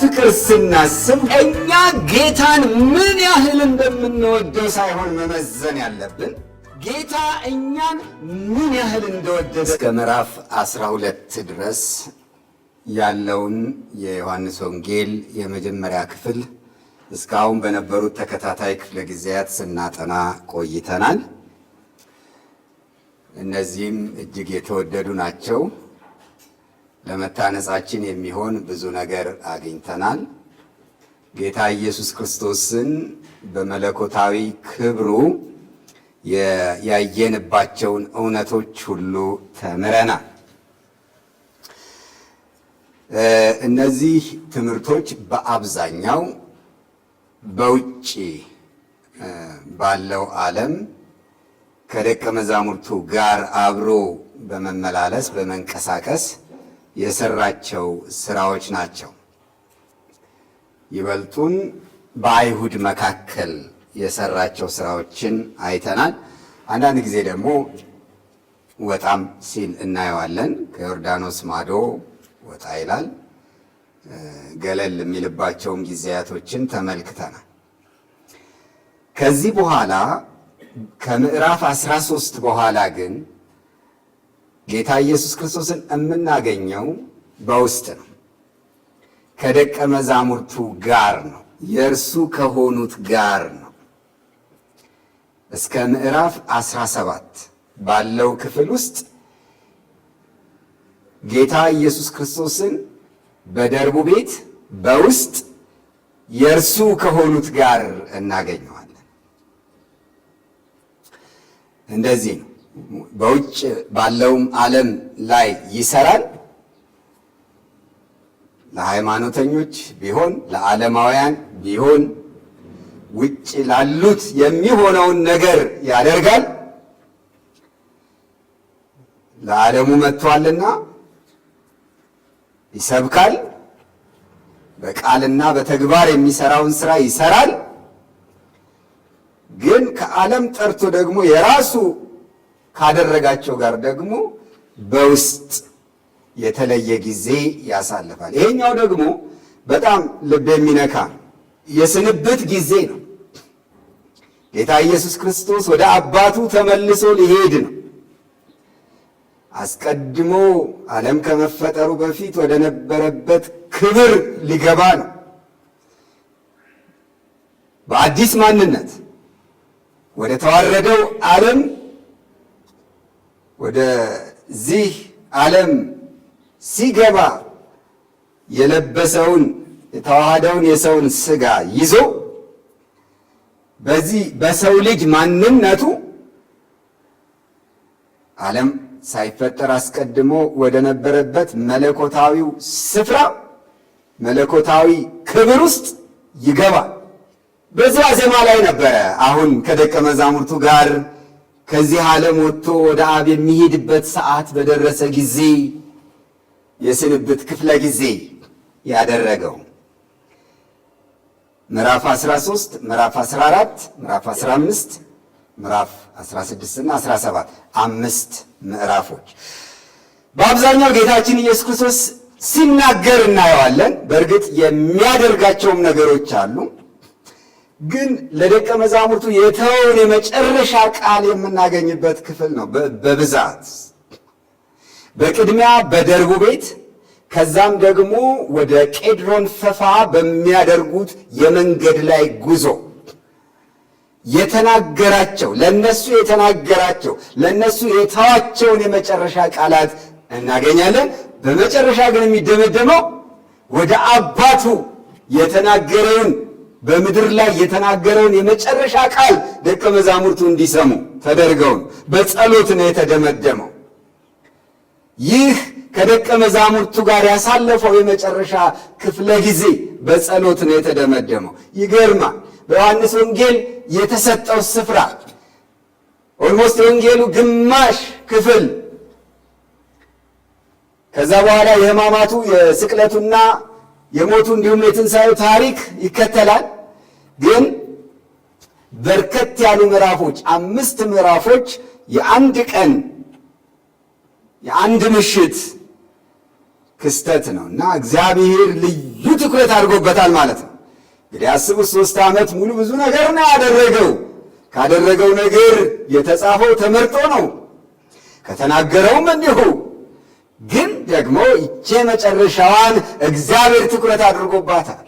ፍቅር ስናስብ እኛ ጌታን ምን ያህል እንደምንወደው ሳይሆን መመዘን ያለብን ጌታ እኛን ምን ያህል እንደወደደ እስከ ምዕራፍ 12 ድረስ ያለውን የዮሐንስ ወንጌል የመጀመሪያ ክፍል እስካሁን በነበሩት ተከታታይ ክፍለ ጊዜያት ስናጠና ቆይተናል። እነዚህም እጅግ የተወደዱ ናቸው። ለመታነጻችን የሚሆን ብዙ ነገር አግኝተናል። ጌታ ኢየሱስ ክርስቶስን በመለኮታዊ ክብሩ ያየንባቸውን እውነቶች ሁሉ ተምረናል። እነዚህ ትምህርቶች በአብዛኛው በውጭ ባለው ዓለም ከደቀ መዛሙርቱ ጋር አብሮ በመመላለስ በመንቀሳቀስ የሰራቸው ስራዎች ናቸው። ይበልጡን በአይሁድ መካከል የሰራቸው ስራዎችን አይተናል። አንዳንድ ጊዜ ደግሞ ወጣም ሲል እናየዋለን። ከዮርዳኖስ ማዶ ወጣ ይላል። ገለል የሚልባቸውም ጊዜያቶችን ተመልክተናል። ከዚህ በኋላ ከምዕራፍ 13 በኋላ ግን ጌታ ኢየሱስ ክርስቶስን የምናገኘው በውስጥ ነው፣ ከደቀ መዛሙርቱ ጋር ነው፣ የእርሱ ከሆኑት ጋር ነው። እስከ ምዕራፍ 17 ባለው ክፍል ውስጥ ጌታ ኢየሱስ ክርስቶስን በደርቡ ቤት በውስጥ የእርሱ ከሆኑት ጋር እናገኘዋለን። እንደዚህ ነው። በውጭ ባለውም ዓለም ላይ ይሰራል። ለሃይማኖተኞች ቢሆን ለዓለማውያን ቢሆን ውጭ ላሉት የሚሆነውን ነገር ያደርጋል። ለዓለሙ መጥቷልና ይሰብካል። በቃልና በተግባር የሚሰራውን ስራ ይሰራል። ግን ከዓለም ጠርቶ ደግሞ የራሱ ካደረጋቸው ጋር ደግሞ በውስጥ የተለየ ጊዜ ያሳልፋል። ይሄኛው ደግሞ በጣም ልብ የሚነካ የስንብት ጊዜ ነው። ጌታ ኢየሱስ ክርስቶስ ወደ አባቱ ተመልሶ ሊሄድ ነው። አስቀድሞ ዓለም ከመፈጠሩ በፊት ወደ ነበረበት ክብር ሊገባ ነው። በአዲስ ማንነት ወደ ተዋረደው ዓለም ወደዚህ ዓለም ሲገባ የለበሰውን የተዋሃደውን የሰውን ስጋ ይዞ በዚህ በሰው ልጅ ማንነቱ ዓለም ሳይፈጠር አስቀድሞ ወደ ነበረበት መለኮታዊው ስፍራ መለኮታዊ ክብር ውስጥ ይገባል። በዚያ ዜማ ላይ ነበረ አሁን ከደቀ መዛሙርቱ ጋር ከዚህ ዓለም ወጥቶ ወደ አብ የሚሄድበት ሰዓት በደረሰ ጊዜ የስንብት ክፍለ ጊዜ ያደረገው ምዕራፍ 13 ምዕራፍ 14 ምዕራፍ 15 ምዕራፍ 16 እና 17 አምስት ምዕራፎች በአብዛኛው ጌታችን ኢየሱስ ክርስቶስ ሲናገር እናየዋለን። በእርግጥ የሚያደርጋቸውም ነገሮች አሉ። ግን ለደቀ መዛሙርቱ የተውን የመጨረሻ ቃል የምናገኝበት ክፍል ነው። በብዛት በቅድሚያ በደርቡ ቤት ከዛም ደግሞ ወደ ቄድሮን ፈፋ በሚያደርጉት የመንገድ ላይ ጉዞ የተናገራቸው ለነሱ የተናገራቸው ለነሱ የተዋቸውን የመጨረሻ ቃላት እናገኛለን። በመጨረሻ ግን የሚደመደመው ወደ አባቱ የተናገረውን በምድር ላይ የተናገረውን የመጨረሻ ቃል ደቀ መዛሙርቱ እንዲሰሙ ተደርገውን በጸሎት ነው የተደመደመው። ይህ ከደቀ መዛሙርቱ ጋር ያሳለፈው የመጨረሻ ክፍለ ጊዜ በጸሎት ነው የተደመደመው። ይገርማል። በዮሐንስ ወንጌል የተሰጠው ስፍራ ኦልሞስት የወንጌሉ ግማሽ ክፍል ከዛ በኋላ የሕማማቱ የስቅለቱና የሞቱ እንዲሁም የትንሣኤው ታሪክ ይከተላል። ግን በርከት ያሉ ምዕራፎች፣ አምስት ምዕራፎች የአንድ ቀን የአንድ ምሽት ክስተት ነው እና እግዚአብሔር ልዩ ትኩረት አድርጎበታል ማለት ነው። እንግዲህ አስቡ፣ ሶስት ዓመት ሙሉ ብዙ ነገር ነው ያደረገው። ካደረገው ነገር የተጻፈው ተመርጦ ነው፣ ከተናገረውም እንዲሁ ግን ደግሞ ይቼ መጨረሻዋን እግዚአብሔር ትኩረት አድርጎባታል።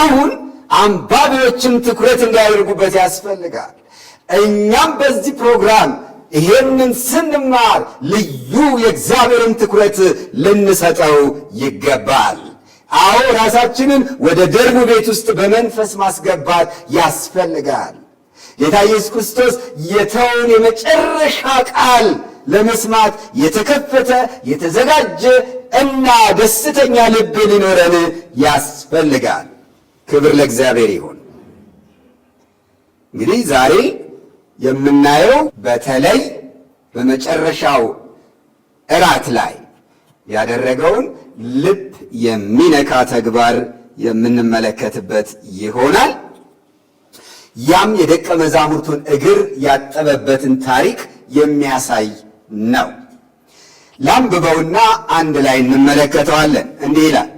አሁን አንባቢዎችም ትኩረት እንዲያደርጉበት ያስፈልጋል። እኛም በዚህ ፕሮግራም ይሄንን ስንማር ልዩ የእግዚአብሔርን ትኩረት ልንሰጠው ይገባል። አዎ ራሳችንን ወደ ደርቡ ቤት ውስጥ በመንፈስ ማስገባት ያስፈልጋል። ጌታ ኢየሱስ ክርስቶስ የተውን የመጨረሻ ቃል ለመስማት የተከፈተ የተዘጋጀ እና ደስተኛ ልብ ሊኖረን ያስፈልጋል። ክብር ለእግዚአብሔር ይሁን። እንግዲህ ዛሬ የምናየው በተለይ በመጨረሻው እራት ላይ ያደረገውን ልብ የሚነካ ተግባር የምንመለከትበት ይሆናል። ያም የደቀ መዛሙርቱን እግር ያጠበበትን ታሪክ የሚያሳይ ነው። ላንብበውና አንድ ላይ እንመለከተዋለን። እንዲህ ይላል።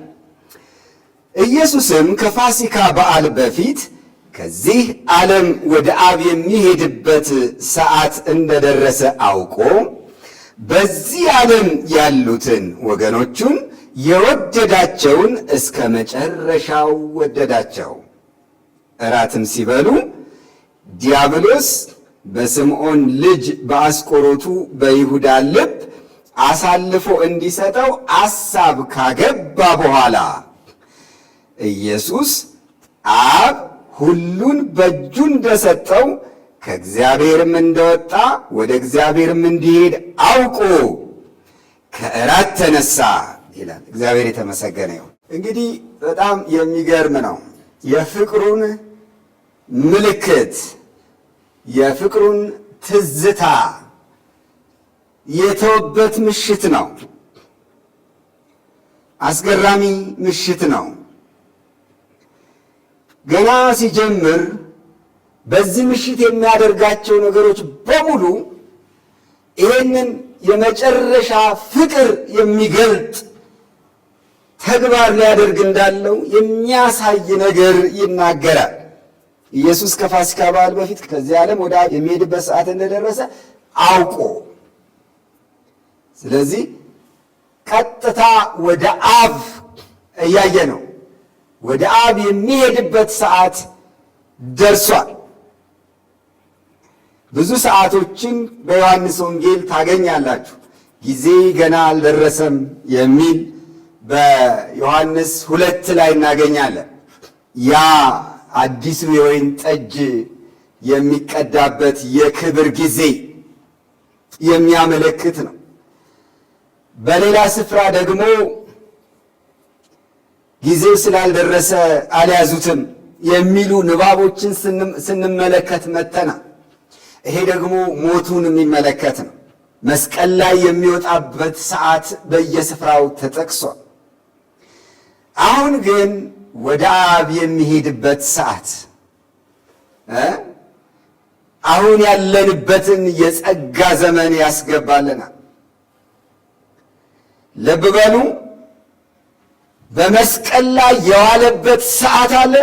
ኢየሱስም ከፋሲካ በዓል በፊት ከዚህ ዓለም ወደ አብ የሚሄድበት ሰዓት እንደደረሰ አውቆ በዚህ ዓለም ያሉትን ወገኖቹን የወደዳቸውን እስከ መጨረሻው ወደዳቸው። እራትም ሲበሉ ዲያብሎስ በስምዖን ልጅ በአስቆሮቱ በይሁዳ ልብ አሳልፎ እንዲሰጠው አሳብ ካገባ በኋላ ኢየሱስ አብ ሁሉን በእጁ እንደሰጠው ከእግዚአብሔርም እንደወጣ ወደ እግዚአብሔርም እንዲሄድ አውቆ ከእራት ተነሳ ይላል። እግዚአብሔር የተመሰገነ ይሁን። እንግዲህ በጣም የሚገርም ነው የፍቅሩን ምልክት የፍቅሩን ትዝታ የተወበት ምሽት ነው። አስገራሚ ምሽት ነው። ገና ሲጀምር በዚህ ምሽት የሚያደርጋቸው ነገሮች በሙሉ ይህንን የመጨረሻ ፍቅር የሚገልጥ ተግባር ሊያደርግ እንዳለው የሚያሳይ ነገር ይናገራል። ኢየሱስ ከፋሲካ በዓል በፊት ከዚህ ዓለም ወደ የሚሄድበት ሰዓት እንደደረሰ አውቆ ስለዚህ ቀጥታ ወደ አብ እያየ ነው። ወደ አብ የሚሄድበት ሰዓት ደርሷል። ብዙ ሰዓቶችን በዮሐንስ ወንጌል ታገኛላችሁ። ጊዜ ገና አልደረሰም የሚል በዮሐንስ ሁለት ላይ እናገኛለን ያ አዲሱ የወይን ጠጅ የሚቀዳበት የክብር ጊዜ የሚያመለክት ነው። በሌላ ስፍራ ደግሞ ጊዜው ስላልደረሰ አልያዙትም የሚሉ ንባቦችን ስንመለከት መተና ይሄ ደግሞ ሞቱን የሚመለከት ነው። መስቀል ላይ የሚወጣበት ሰዓት በየስፍራው ተጠቅሷል። አሁን ግን ወደ አብ የሚሄድበት ሰዓት አሁን ያለንበትን የጸጋ ዘመን ያስገባልና ልብ በሉ። በመስቀል ላይ የዋለበት ሰዓት አለ።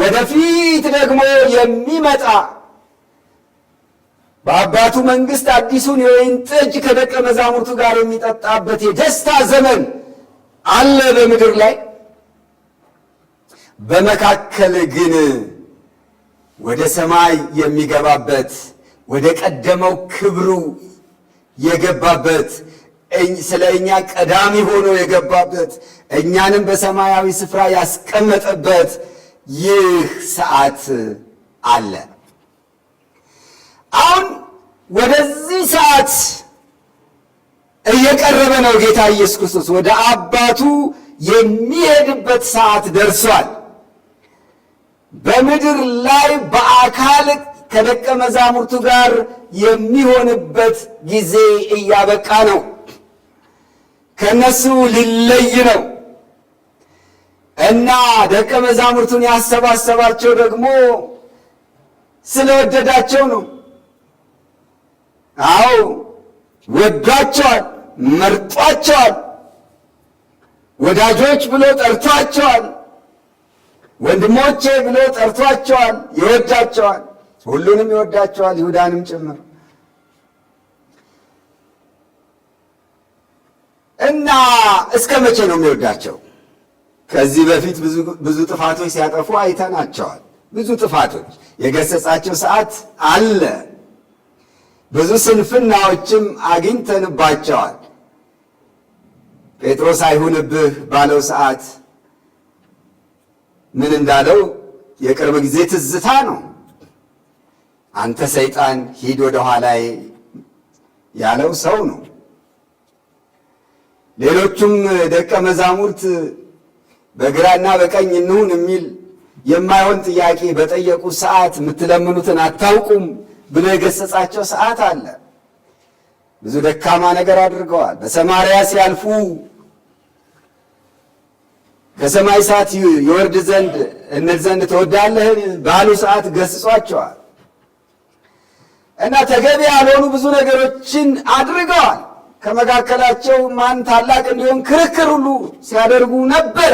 ወደፊት ደግሞ የሚመጣ በአባቱ መንግስት አዲሱን የወይን ጠጅ ከደቀ መዛሙርቱ ጋር የሚጠጣበት የደስታ ዘመን አለ በምድር ላይ በመካከል ግን ወደ ሰማይ የሚገባበት ወደ ቀደመው ክብሩ የገባበት ስለ እኛ ቀዳሚ ሆኖ የገባበት እኛንም በሰማያዊ ስፍራ ያስቀመጠበት ይህ ሰዓት አለ። አሁን ወደዚህ ሰዓት እየቀረበ ነው ጌታ ኢየሱስ ክርስቶስ ወደ አባቱ የሚሄድበት ሰዓት ደርሷል። በምድር ላይ በአካል ከደቀ መዛሙርቱ ጋር የሚሆንበት ጊዜ እያበቃ ነው። ከነሱ ሊለይ ነው እና ደቀ መዛሙርቱን ያሰባሰባቸው ደግሞ ስለወደዳቸው ነው። አዎ ወዷቸዋል፣ መርጧቸዋል፣ ወዳጆች ብሎ ጠርቷቸዋል። ወንድሞቼ ብሎ ጠርቷቸዋል። ይወዳቸዋል፣ ሁሉንም ይወዳቸዋል፣ ይሁዳንም ጭምር እና እስከ መቼ ነው የሚወዳቸው? ከዚህ በፊት ብዙ ጥፋቶች ሲያጠፉ አይተናቸዋል። ብዙ ጥፋቶች የገሰጻቸው ሰዓት አለ። ብዙ ስንፍናዎችም አግኝተንባቸዋል። ጴጥሮስ አይሁንብህ ባለው ሰዓት ምን እንዳለው የቅርብ ጊዜ ትዝታ ነው። አንተ ሰይጣን ሂድ ወደ ኋላ ያለው ሰው ነው። ሌሎቹም ደቀ መዛሙርት በግራና በቀኝ እንሁን የሚል የማይሆን ጥያቄ በጠየቁ ሰዓት የምትለምኑትን አታውቁም ብሎ የገሰጻቸው ሰዓት አለ። ብዙ ደካማ ነገር አድርገዋል። በሰማርያ ሲያልፉ ከሰማይ እሳት ይወርድ ዘንድ እንል ዘንድ ትወዳለህን ባሉ ሰዓት ገስጿቸዋል እና ተገቢ ያልሆኑ ብዙ ነገሮችን አድርገዋል። ከመካከላቸው ማን ታላቅ እንዲሆን ክርክር ሁሉ ሲያደርጉ ነበረ።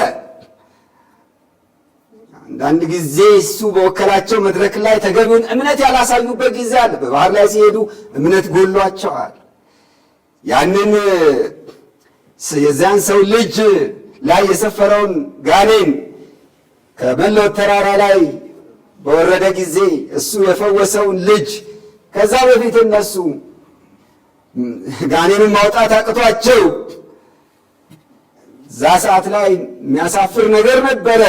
አንዳንድ ጊዜ እሱ በወከላቸው መድረክ ላይ ተገቢውን እምነት ያላሳዩበት ጊዜ አለ። በባህር ላይ ሲሄዱ እምነት ጎሏቸዋል። ያንን የዚያን ሰው ልጅ ላይ የሰፈረውን ጋኔን ከመለወት ተራራ ላይ በወረደ ጊዜ እሱ የፈወሰውን ልጅ ከዛ በፊት እነሱ ጋኔንን ማውጣት አቅቷቸው እዛ ሰዓት ላይ የሚያሳፍር ነገር ነበረ።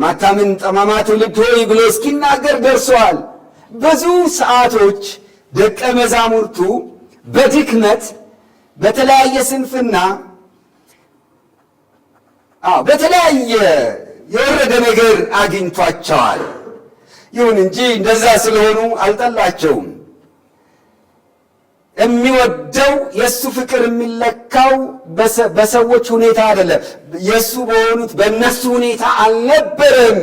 ማታምን ጠማማ ትውልድ ሆይ ብሎ እስኪናገር ደርሰዋል። ብዙ ሰዓቶች ደቀ መዛሙርቱ በድክመት በተለያየ ስንፍና በተለያየ የወረደ ነገር አግኝቷቸዋል። ይሁን እንጂ እንደዛ ስለሆኑ አልጠላቸውም። የሚወደው የእሱ ፍቅር የሚለካው በሰዎች ሁኔታ አይደለም፣ የእሱ በሆኑት በእነሱ ሁኔታ አልነበረም።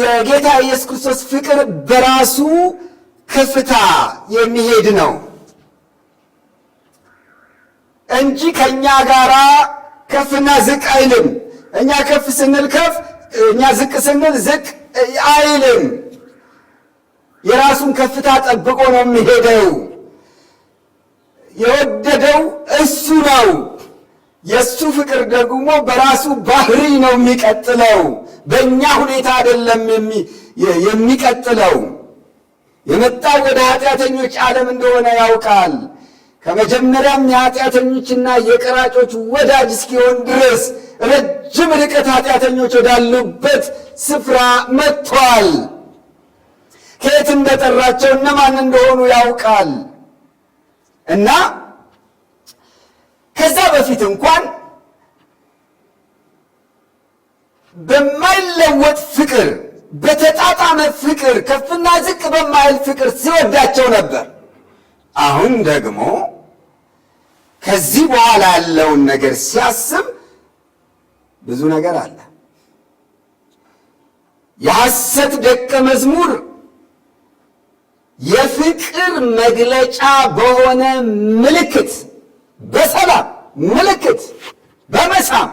የጌታ ኢየሱስ ክርስቶስ ፍቅር በራሱ ከፍታ የሚሄድ ነው። እንጂ ከእኛ ጋራ ከፍና ዝቅ አይልም። እኛ ከፍ ስንል ከፍ፣ እኛ ዝቅ ስንል ዝቅ አይልም። የራሱን ከፍታ ጠብቆ ነው የሚሄደው። የወደደው እሱ ነው። የእሱ ፍቅር ደግሞ በራሱ ባህሪ ነው የሚቀጥለው። በእኛ ሁኔታ አይደለም የሚቀጥለው። የመጣው ወደ ኃጢአተኞች ዓለም እንደሆነ ያውቃል። ከመጀመሪያም የኃጢአተኞችና የቀራጮች ወዳጅ እስኪሆን ድረስ ረጅም ርቀት ኃጢአተኞች ወዳሉበት ስፍራ መጥቷል። ከየት እንደጠራቸው እነማን እንደሆኑ ያውቃል እና ከዛ በፊት እንኳን በማይለወጥ ፍቅር፣ በተጣጣመ ፍቅር፣ ከፍና ዝቅ በማይል ፍቅር ሲወዳቸው ነበር። አሁን ደግሞ ከዚህ በኋላ ያለውን ነገር ሲያስብ ብዙ ነገር አለ። የሐሰት ደቀ መዝሙር የፍቅር መግለጫ በሆነ ምልክት፣ በሰላም ምልክት፣ በመሳም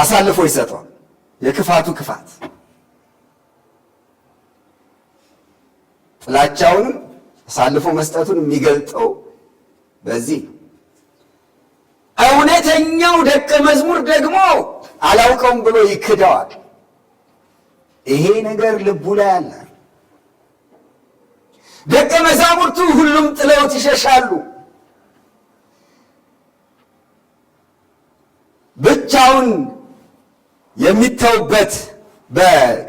አሳልፎ ይሰጠዋል። የክፋቱ ክፋት ጥላቻውንም አሳልፎ መስጠቱን የሚገልጠው በዚህ እውነተኛው ደቀ መዝሙር ደግሞ አላውቀውም ብሎ ይክደዋል። ይሄ ነገር ልቡ ላይ አለ። ደቀ መዛሙርቱ ሁሉም ጥለውት ይሸሻሉ። ብቻውን የሚተውበት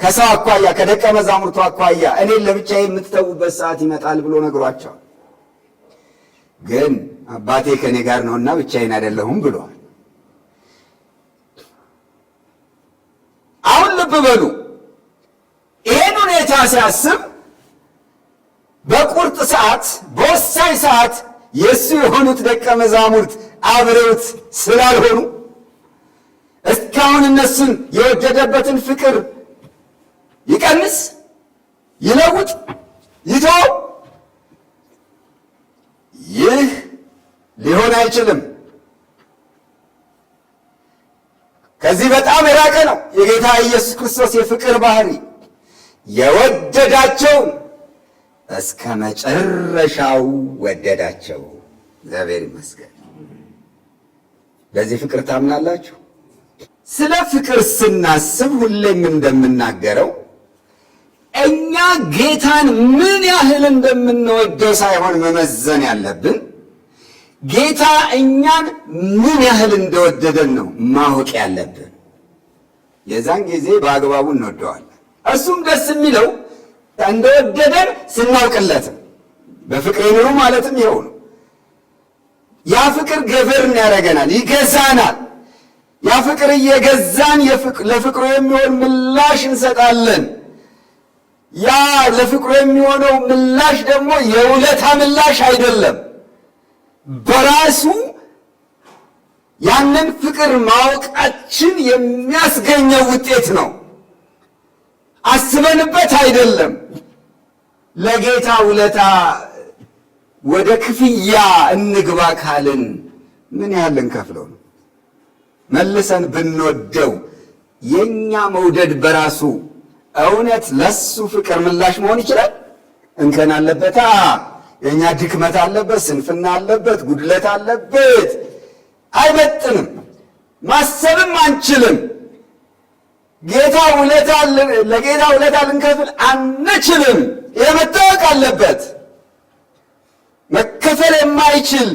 ከሰው አኳያ ከደቀ መዛሙርቱ አኳያ እኔን ለብቻዬ የምትተዉበት ሰዓት ይመጣል ብሎ ነግሯቸዋል። ግን አባቴ ከእኔ ጋር ነውና ብቻዬን አይደለሁም ብሏል። አሁን ልብ በሉ። ይህን ሁኔታ ሲያስብ በቁርጥ ሰዓት፣ በወሳኝ ሰዓት የእሱ የሆኑት ደቀ መዛሙርት አብረውት ስላልሆኑ እስካሁን እነሱን የወደደበትን ፍቅር ይቀንስ፣ ይለውጥ፣ ይቶ ይህ ሊሆን አይችልም። ከዚህ በጣም የራቀ ነው። የጌታ ኢየሱስ ክርስቶስ የፍቅር ባህሪ የወደዳቸው እስከ መጨረሻው ወደዳቸው። እግዚአብሔር ይመስገን። በዚህ ፍቅር ታምናላችሁ? ስለ ፍቅር ስናስብ ሁሌም እንደምናገረው እኛ ጌታን ምን ያህል እንደምንወደው ሳይሆን መመዘን ያለብን ጌታ እኛን ምን ያህል እንደወደደን ነው ማወቅ ያለብን። የዛን ጊዜ በአግባቡ እንወደዋለን። እሱም ደስ የሚለው እንደወደደን ስናውቅለትም በፍቅር ኑሩ ማለትም ይኸው ነው። ያ ፍቅር ገበርን ያደርገናል፣ ይገዛናል። ያ ፍቅር እየገዛን ለፍቅሩ የሚሆን ምላሽ እንሰጣለን። ያ ለፍቅሩ የሚሆነው ምላሽ ደግሞ የውለታ ምላሽ አይደለም። በራሱ ያንን ፍቅር ማወቃችን የሚያስገኘው ውጤት ነው። አስበንበት አይደለም። ለጌታ ውለታ ወደ ክፍያ እንግባ ካልን ምን ያህል እንከፍለው ነው? መልሰን ብንወደው የኛ መውደድ በራሱ እውነት ለሱ ፍቅር ምላሽ መሆን ይችላል? እንከን አለበት የእኛ ድክመት አለበት፣ ስንፍና አለበት፣ ጉድለት አለበት። አይመጥንም፣ ማሰብም አንችልም። ጌታ ውለታ ለጌታ ውለታ ልንከፍል አንችልም። ይህ መታወቅ አለበት። መከፈል የማይችል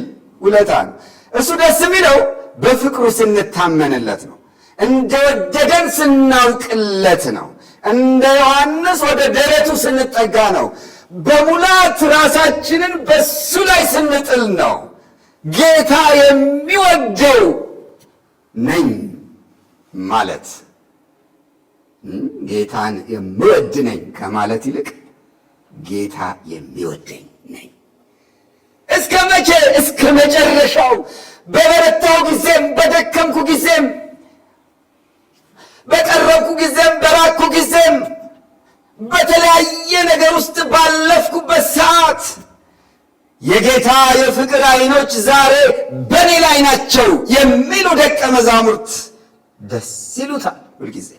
ውለታ ነው። እሱ ደስ የሚለው በፍቅሩ ስንታመንለት ነው። እንደወደደን ስናውቅለት ነው። እንደ ዮሐንስ ወደ ደረቱ ስንጠጋ ነው። በሙላት ራሳችንን በሱ ላይ ስንጥል ነው። ጌታ የሚወደው ነኝ ማለት ጌታን የምወድ ነኝ ከማለት ይልቅ ጌታ የሚወደኝ ነኝ እስከ መቼ እስከ መጨረሻው በበረታው ጊዜም በደከምኩ ጊዜም በቀረብኩ ጊዜም በራኩ ጊዜም በተለያየ ነገር ውስጥ ባለፍኩበት ሰዓት የጌታ የፍቅር አይኖች ዛሬ በእኔ ላይ ናቸው የሚሉ ደቀ መዛሙርት ደስ ይሉታል ሁልጊዜ።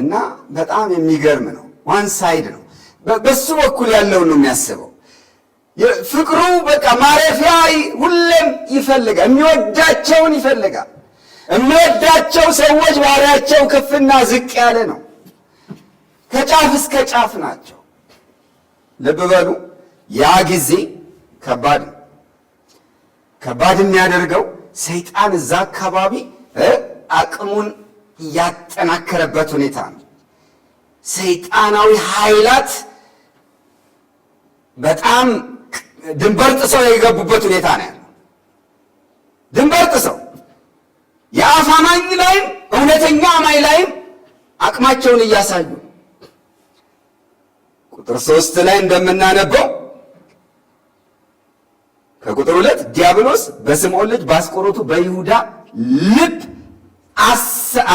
እና በጣም የሚገርም ነው። ዋን ሳይድ ነው። በሱ በኩል ያለውን ነው የሚያስበው። ፍቅሩ በቃ ማረፊያ ሁሌም ይፈልጋል። የሚወዳቸውን ይፈልጋል። የሚወዳቸው ሰዎች ባህሪያቸው ከፍና ዝቅ ያለ ነው። ከጫፍ እስከ ጫፍ ናቸው። ልብ በሉ። ያ ጊዜ ከባድ ነው። ከባድ የሚያደርገው ሰይጣን እዛ አካባቢ አቅሙን እያጠናከረበት ሁኔታ ነው። ሰይጣናዊ ኃይላት በጣም ድንበር ጥሰው የገቡበት ሁኔታ ነው ያለው። ድንበር ጥሰው የአፍ አማኝ ላይም እውነተኛ አማኝ ላይም አቅማቸውን እያሳዩ ቁጥር ሶስት ላይ እንደምናነበው ከቁጥር ሁለት ዲያብሎስ በስምዖን ልጅ በአስቆሮቱ በይሁዳ ልብ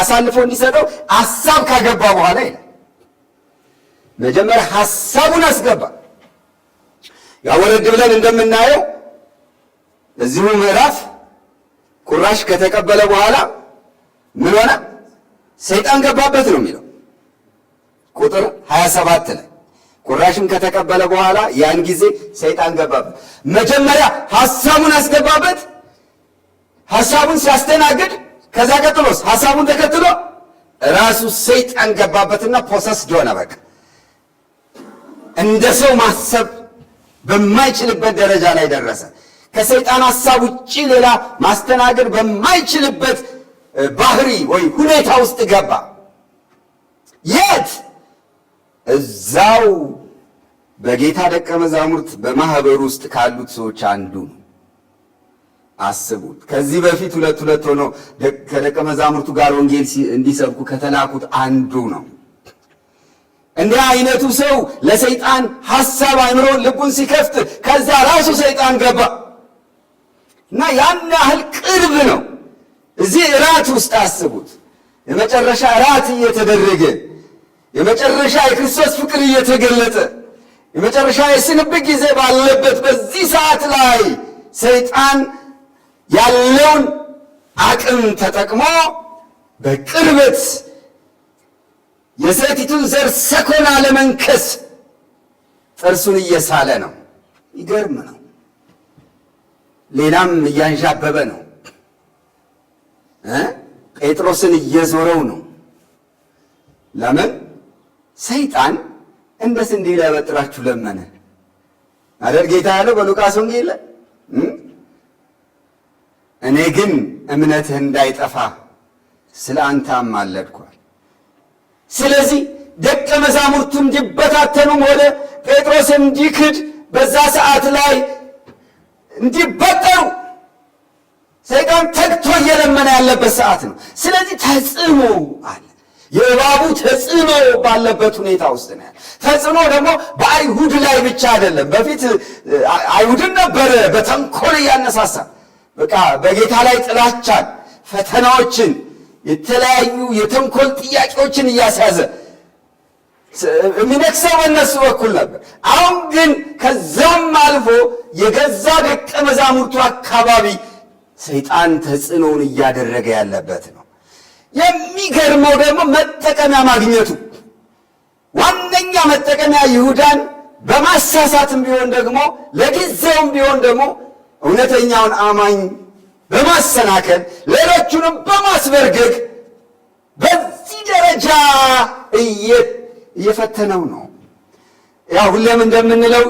አሳልፎ እንዲሰጠው ሀሳብ ካገባ በኋላ ይላል። መጀመሪያ ሀሳቡን አስገባ። ያወረድ ብለን እንደምናየው እዚሁ ምዕራፍ ቁራሽ ከተቀበለ በኋላ ምን ሆነ? ሰይጣን ገባበት ነው የሚለው ቁጥር 27 ላይ ቁራሽም ከተቀበለ በኋላ ያን ጊዜ ሰይጣን ገባበት። መጀመሪያ ሐሳቡን አስገባበት። ሐሳቡን ሲያስተናግድ ከዛ ቀጥሎስ ሐሳቡን ተከትሎ ራሱ ሰይጣን ገባበትና ፖሰስ ሆነ። በቃ እንደ ሰው ማሰብ በማይችልበት ደረጃ ላይ ደረሰ። ከሰይጣን ሐሳብ ውጭ ሌላ ማስተናገድ በማይችልበት ባህሪ ወይ ሁኔታ ውስጥ ገባ። የት? እዛው በጌታ ደቀ መዛሙርት በማህበሩ ውስጥ ካሉት ሰዎች አንዱ ነው። አስቡት። ከዚህ በፊት ሁለት ሁለት ሆኖ ከደቀ መዛሙርቱ ጋር ወንጌል እንዲሰብኩ ከተላኩት አንዱ ነው። እንዲህ አይነቱ ሰው ለሰይጣን ሐሳብ አይምሮን ልቡን ሲከፍት ከዛ ራሱ ሰይጣን ገባ እና ያን ያህል ቅርብ ነው። እዚህ እራት ውስጥ አስቡት። የመጨረሻ እራት እየተደረገ የመጨረሻ የክርስቶስ ፍቅር እየተገለጠ የመጨረሻ የስንብት ጊዜ ባለበት በዚህ ሰዓት ላይ ሰይጣን ያለውን አቅም ተጠቅሞ በቅርበት የሴቲቱን ዘር ሰኮና ለመንከስ ጥርሱን እየሳለ ነው። ይገርም ነው። ሌላም እያንዣበበ ነው። ጴጥሮስን እየዞረው ነው። ለምን ሰይጣን እንደ ስንዴ ሊያበጥራችሁ ለመነ አደር ጌታ ያለው በሉቃስ ወንጌል እኔ ግን እምነትህ እንዳይጠፋ ስለ አንተ አማለድኩ ስለዚህ ደቀ መዛሙርቱ እንዲበታተኑም ሆነ ጴጥሮስ እንዲክድ በዛ ሰዓት ላይ እንዲበጠሩ ሰይጣን ተግቶ እየለመነ ያለበት ሰዓት ነው። ስለዚህ ተጽዕኖ አለ። የእባቡ ተጽዕኖ ባለበት ሁኔታ ውስጥ ነው ያለ። ተጽዕኖ ደግሞ በአይሁድ ላይ ብቻ አይደለም። በፊት አይሁድን ነበረ በተንኮል እያነሳሳ በቃ በጌታ ላይ ጥላቻን፣ ፈተናዎችን የተለያዩ የተንኮል ጥያቄዎችን እያስያዘ የሚነክሰው በእነሱ በኩል ነበር። አሁን ግን ከዛም አልፎ የገዛ ደቀ መዛሙርቱ አካባቢ ሰይጣን ተጽዕኖውን እያደረገ ያለበት ነው። የሚገርመው ደግሞ መጠቀሚያ ማግኘቱ ዋነኛ መጠቀሚያ ይሁዳን በማሳሳትም ቢሆን ደግሞ ለጊዜውም ቢሆን ደግሞ እውነተኛውን አማኝ በማሰናከል ሌሎቹንም በማስበርገግ በዚህ ደረጃ እየፈተነው ነው። ያው ሁሌም እንደምንለው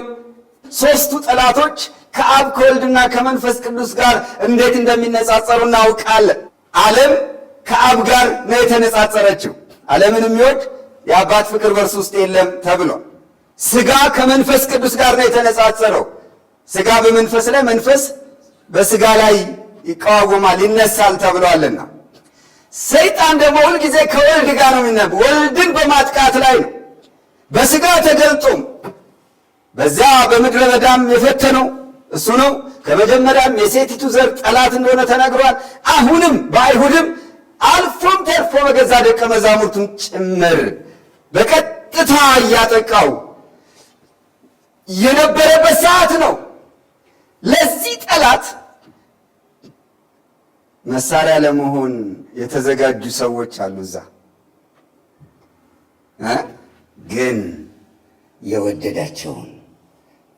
ሶስቱ ጠላቶች ከአብ ከወልድና ከመንፈስ ቅዱስ ጋር እንዴት እንደሚነጻጸሩ እናውቃለን። ዓለም ከአብ ጋር ነው የተነጻጸረችው። ዓለምን የሚወድ የአባት ፍቅር በእርሱ ውስጥ የለም ተብሎ ስጋ ከመንፈስ ቅዱስ ጋር ነው የተነጻጸረው። ስጋ በመንፈስ ላይ፣ መንፈስ በስጋ ላይ ይቃወማል፣ ይነሳል ተብሏልና። ሰይጣን ደግሞ ሁልጊዜ ከወልድ ጋር ነው የሚነብ ወልድን በማጥቃት ላይ ነው። በስጋ ተገልጦም በዚያ በምድረ በዳም የፈተነው እሱ ነው። ከመጀመሪያም የሴቲቱ ዘር ጠላት እንደሆነ ተናግሯል። አሁንም በአይሁድም አልፎም ተርፎ በገዛ ደቀ መዛሙርቱም ጭምር በቀጥታ እያጠቃው የነበረበት ሰዓት ነው። ለዚህ ጠላት መሳሪያ ለመሆን የተዘጋጁ ሰዎች አሉ እዛ። ግን የወደዳቸውን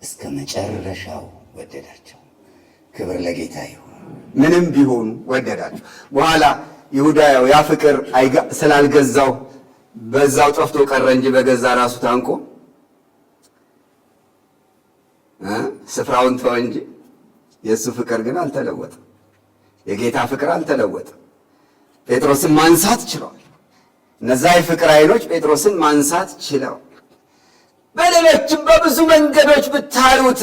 እስከ መጨረሻው ወደዳቸው። ክብር ለጌታ ይሁን። ምንም ቢሆኑ ወደዳቸው። በኋላ ይሁዳ ያው ያ ፍቅር ስላልገዛው በዛው ጠፍቶ ቀረ እንጂ በገዛ ራሱ ታንቆ ስፍራውን ተወ እንጂ የእሱ ፍቅር ግን አልተለወጠም። የጌታ ፍቅር አልተለወጠም። ጴጥሮስን ማንሳት ችለዋል። እነዛ የፍቅር አይኖች ጴጥሮስን ማንሳት ችለው በሌሎችም በብዙ መንገዶች ብታዩት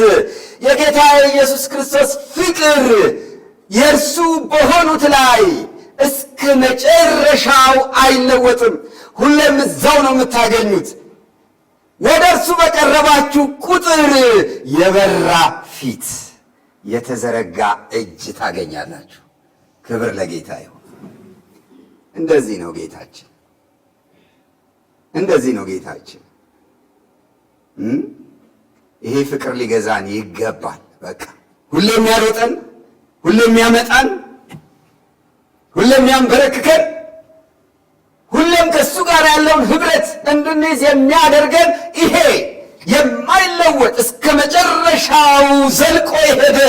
የጌታ የኢየሱስ ክርስቶስ ፍቅር የእርሱ በሆኑት ላይ እስከ መጨረሻው አይለወጥም። ሁሌም እዛው ነው የምታገኙት። ወደ እርሱ በቀረባችሁ ቁጥር የበራ ፊት፣ የተዘረጋ እጅ ታገኛላችሁ። ክብር ለጌታ ይሁን። እንደዚህ ነው ጌታችን፣ እንደዚህ ነው ጌታችን። ይሄ ፍቅር ሊገዛን ይገባል። በቃ ሁሌ የሚያሮጠን፣ ሁሌ የሚያመጣን፣ ሁሌ የሚያንበረክከን፣ ሁሌም ከእሱ ጋር ያለውን ህብረት እንድንይዝ የሚያደርገን ይሄ የማይለወጥ እስከ መጨረሻው ዘልቆ የሄደ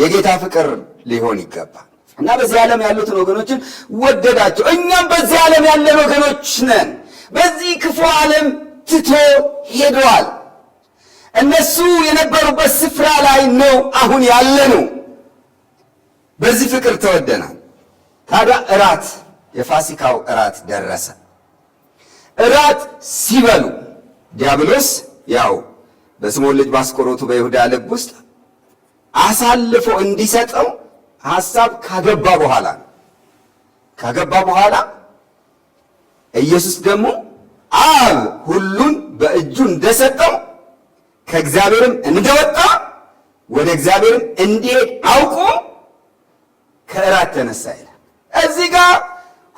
የጌታ ፍቅር ሊሆን ይገባል። እና በዚህ ዓለም ያሉትን ወገኖችን ወደዳቸው። እኛም በዚህ ዓለም ያለን ወገኖች ነን። በዚህ ክፉ ዓለም ትቶ ሄደዋል። እነሱ የነበሩበት ስፍራ ላይ ነው አሁን ያለነው። በዚህ ፍቅር ተወደናል። ታዲያ እራት የፋሲካው እራት ደረሰ። እራት ሲበሉ ዲያብሎስ ያው በስምዖን ልጅ ባስቆሮቱ በይሁዳ ልብ ውስጥ አሳልፎ እንዲሰጠው ሐሳብ ካገባ በኋላ ካገባ በኋላ ኢየሱስ ደግሞ አብ ሁሉን በእጁ እንደሰጠው ከእግዚአብሔርም እንደወጣ ወደ እግዚአብሔርም እንዲሄድ አውቆ ከእራት ተነሳ ይላል። እዚህ ጋር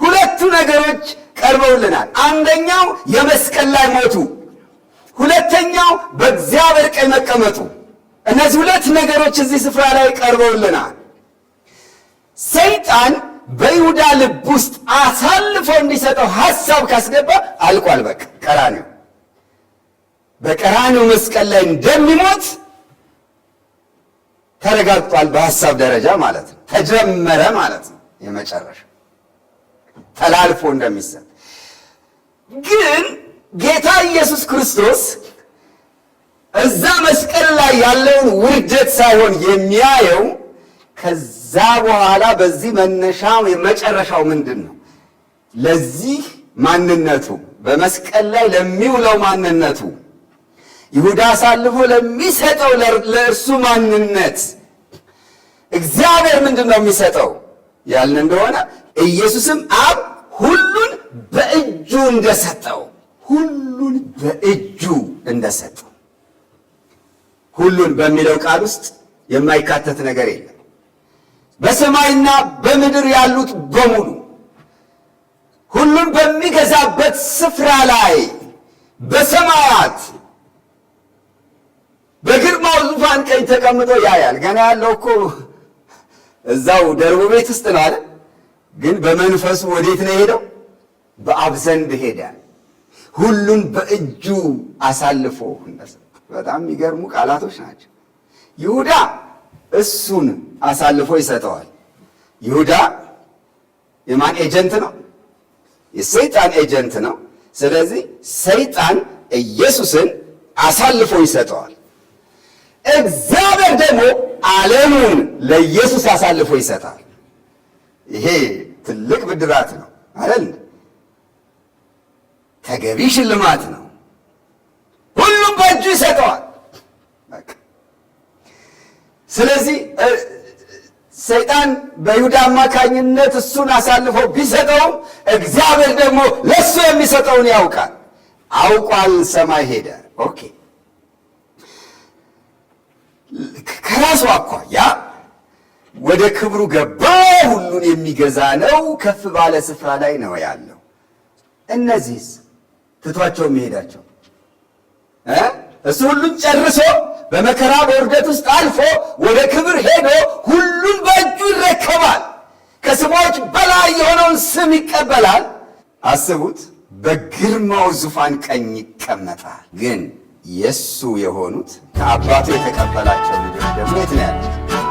ሁለቱ ነገሮች ቀርበውልናል። አንደኛው የመስቀል ላይ ሞቱ፣ ሁለተኛው በእግዚአብሔር ቀኝ መቀመጡ። እነዚህ ሁለት ነገሮች እዚህ ስፍራ ላይ ቀርበውልናል። ሰይጣን በይሁዳ ልብ ውስጥ አሳልፎ እንዲሰጠው ሐሳብ ካስገባ አልቋል። በቃ ቀራኔው በቀራኔው መስቀል ላይ እንደሚሞት ተረጋግጧል። በሐሳብ ደረጃ ማለት ነው። ተጀመረ ማለት ነው። የመጨረሻ ተላልፎ እንደሚሰጥ ግን ጌታ ኢየሱስ ክርስቶስ እዛ መስቀል ላይ ያለውን ውርደት ሳይሆን የሚያየው ከዛ ከዛ በኋላ በዚህ መነሻ መጨረሻው ምንድን ነው? ለዚህ ማንነቱ በመስቀል ላይ ለሚውለው ማንነቱ ይሁዳ አሳልፎ ለሚሰጠው ለእርሱ ማንነት እግዚአብሔር ምንድን ነው የሚሰጠው ያልን እንደሆነ ኢየሱስም አብ ሁሉን በእጁ እንደሰጠው ሁሉን በእጁ እንደሰጠው ሁሉን በሚለው ቃል ውስጥ የማይካተት ነገር የለም። በሰማይና በምድር ያሉት በሙሉ ሁሉን በሚገዛበት ስፍራ ላይ በሰማያት በግርማው ዙፋን ቀኝ ተቀምጦ ያያል። ገና ያለው እኮ እዛው ደርቡ ቤት ውስጥ ነው አለ። ግን በመንፈሱ ወዴት ነው የሄደው? በአብ ዘንድ ሄደ። ሁሉን በእጁ አሳልፎ በጣም የሚገርሙ ቃላቶች ናቸው። ይሁዳ እሱን አሳልፎ ይሰጠዋል። ይሁዳ የማን ኤጀንት ነው? የሰይጣን ኤጀንት ነው። ስለዚህ ሰይጣን ኢየሱስን አሳልፎ ይሰጠዋል። እግዚአብሔር ደግሞ ዓለሙን ለኢየሱስ አሳልፎ ይሰጣል። ይሄ ትልቅ ብድራት ነው አይደል? ተገቢ ሽልማት ነው። ሁሉም በእጁ ይሰጠዋል። ስለዚህ ሰይጣን በይሁዳ አማካኝነት እሱን አሳልፎ ቢሰጠውም እግዚአብሔር ደግሞ ለእሱ የሚሰጠውን ያውቃል። አውቋል። ሰማይ ሄደ። ኦኬ ከራሱ አኳያ ወደ ክብሩ ገባ። ሁሉን የሚገዛ ነው። ከፍ ባለ ስፍራ ላይ ነው ያለው። እነዚህስ ትቷቸው የሚሄዳቸው እሱ ሁሉን ጨርሶ በመከራ በውርደት ውስጥ አልፎ ወደ ክብር ሄዶ ሁሉን በእጁ ይረከባል። ከስሞች በላይ የሆነውን ስም ይቀበላል። አስቡት፣ በግርማው ዙፋን ቀኝ ይቀመጣል። ግን የእሱ የሆኑት ከአባቱ የተቀበላቸው ልጆች ደግሞ የት ነው ያሉት?